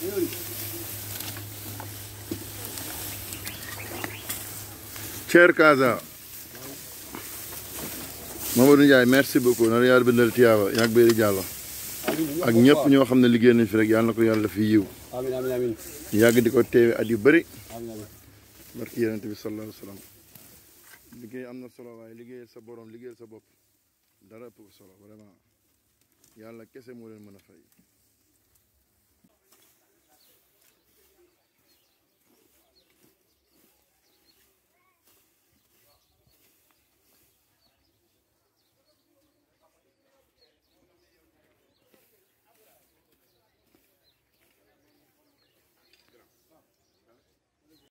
Yun. Chair Kaza. Mamadou jaay merci beaucoup na la yàlla bindal tiyaaba yàgg Béri Diallo ak ñëpp ñoo xam ne liggéey nañ fi rek yàlla na ko yàlla fi yiw amiin amiin amiin yàgg di ko teewe at yu bëri barki yonent bi sallallahu alayhi liggéey am na solo waaye liggéeyal sa borom liggéey sa bopp dara ëpp solo yàlla kese moo leen mën a fay